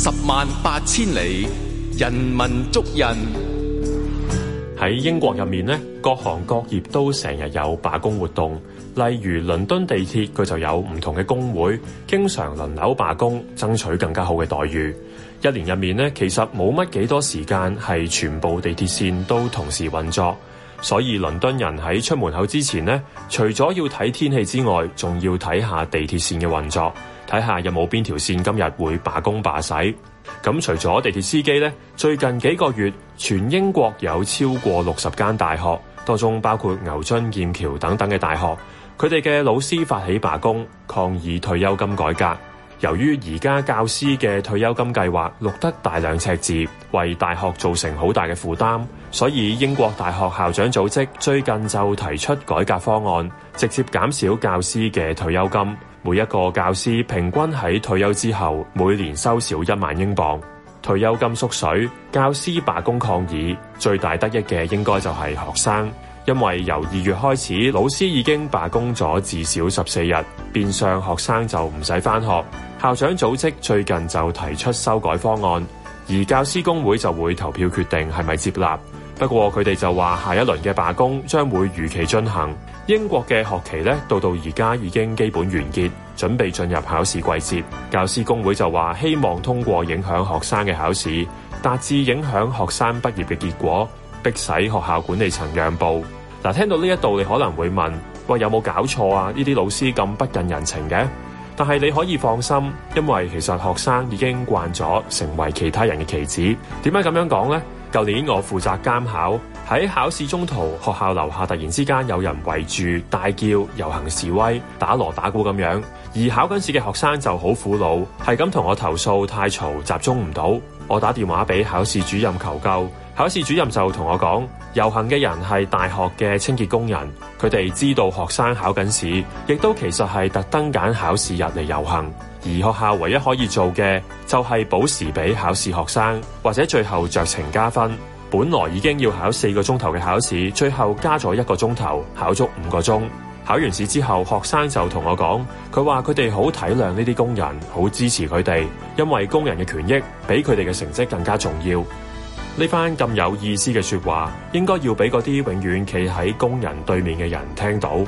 十萬八千里，人文足印。喺英國入面呢，各行各業都成日有罷工活動。例如倫敦地鐵，佢就有唔同嘅工會，經常輪流罷工，爭取更加好嘅待遇。一年入面呢，其實冇乜幾多時間係全部地鐵線都同時運作。所以，倫敦人喺出門口之前呢，除咗要睇天氣之外，仲要睇下地鐵線嘅運作，睇下有冇邊條線今日會罷工罷駛。咁除咗地鐵司機呢，最近幾個月，全英國有超過六十間大學，當中包括牛津、劍橋等等嘅大學，佢哋嘅老師發起罷工，抗議退休金改革。由於而家教師嘅退休金計劃錄得大量赤字，為大學造成好大嘅負擔，所以英國大學校長組織最近就提出改革方案，直接減少教師嘅退休金。每一個教師平均喺退休之後，每年收少一萬英鎊。退休金縮水，教師罷工抗議，最大得益嘅應該就係學生，因為由二月開始，老師已經罷工咗至少十四日，變相學生就唔使返學。校長組織最近就提出修改方案，而教師工會就會投票決定係咪接納。不過佢哋就話下一輪嘅罷工將會如期進行。英國嘅學期咧到到而家已經基本完結，準備進入考試季節。教師工會就話希望通過影響學生嘅考試，達至影響學生畢業嘅結果，迫使學校管理層讓步。嗱、啊，聽到呢一度你可能會問：喂，有冇搞錯啊？呢啲老師咁不近人情嘅？但係你可以放心，因為其實學生已經慣咗成為其他人嘅棋子。點解咁樣講呢？舊年我負責監考，喺考試中途，學校樓下突然之間有人圍住大叫、遊行示威、打鑼打鼓咁樣，而考緊試嘅學生就好苦惱，係咁同我投訴太嘈，集中唔到。我打電話俾考試主任求救，考試主任就同我講，遊行嘅人係大學嘅清潔工人，佢哋知道學生考緊試，亦都其實係特登揀考試日嚟遊行，而學校唯一可以做嘅。就係保時俾考試學生，或者最後酌情加分。本來已經要考四個鐘頭嘅考試，最後加咗一個鐘頭，考足五個鐘。考完試之後，學生就同我講，佢話佢哋好體諒呢啲工人，好支持佢哋，因為工人嘅權益比佢哋嘅成績更加重要。呢番咁有意思嘅說話，應該要俾嗰啲永遠企喺工人對面嘅人聽到。